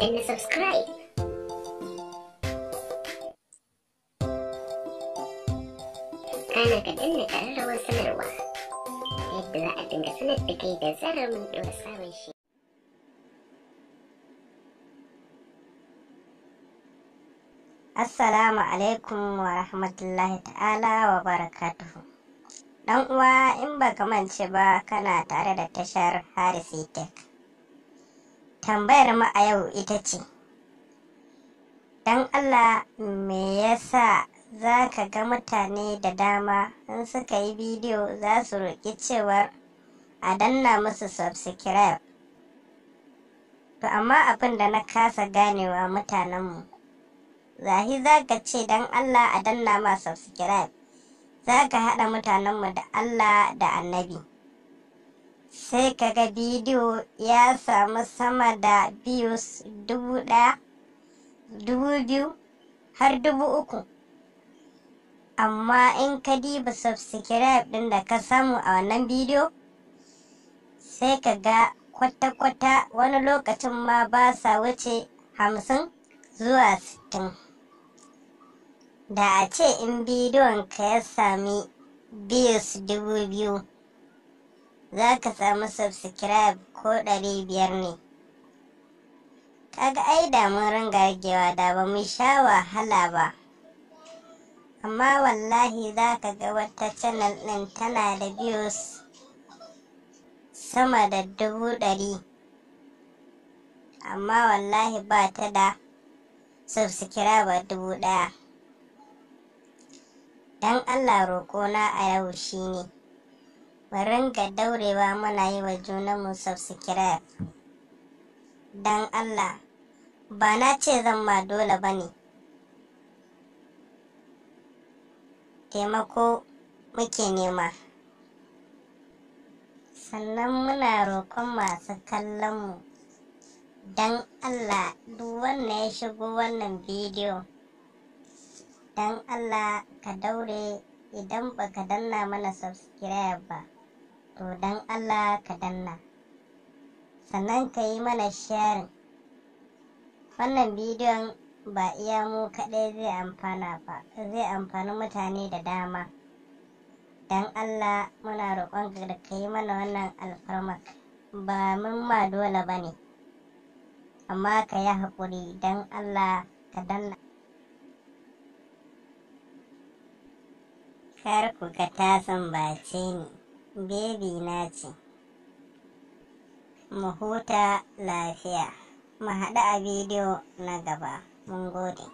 and subscribe. ka danna ƙararrawar sanarwa yadda za a dinga sanar da kai da zarar ɗora shi. Assalamu alaikum wa rahmatullahi ta'ala wa barakatuhu. Dan uwa in baka mance ba kana tare da tashar Harisi Tech. tambayar mu a yau ita ce dan allah me yasa za ka ga mutane da dama in suka yi bidiyo za su roƙi cewar a danna musu subscribe to amma abin da na kasa ganewa mutanenmu zahi za ka ce dan allah a danna ma subscribe za ka haɗa mutanenmu da allah da annabi sai kaga bidiyo ya samu sama da views dubu ɗaya dubu biyu har dubu uku amma in ka diba subscribe ɗin da ka samu a wannan bidiyo sai ka ga kwata-kwata wani lokacin ma ba sa wuce hamsin zuwa sittin da a ce in bidiyon ka ya sami views dubu biyu za ka samu subscribe ko ɗari biyar ne kaga ai da mun ringa da ba mu sha wahala ba amma wallahi za ka ga wata channel ɗin tana da views sama da dubu ɗari amma wallahi ba ta da subscriber dubu ɗaya don allah roƙona a yau shine ne ringa daurewa muna yi wa junanmu subscribe Dan allah ba na ce zan ma dole ba ne taimako muke nema sannan muna roƙon masu kallonmu Dan allah duk wanda ya shigo wannan bidiyo Dan allah ka daure idan baka danna mana subscribe ba to don Allah ka danna sannan ka yi mana sharing wannan bidiyon ba iya mu kaɗai zai amfana ba zai amfani mutane da dama don Allah muna roƙon da ka yi mana wannan alfarma. ba mun ma dole ba ne amma ka yi haƙuri don Allah ka danna kar ku ka tasan ce ni bebi na ce mu huta lafiya mu haɗu a bidiyo na gaba mun gode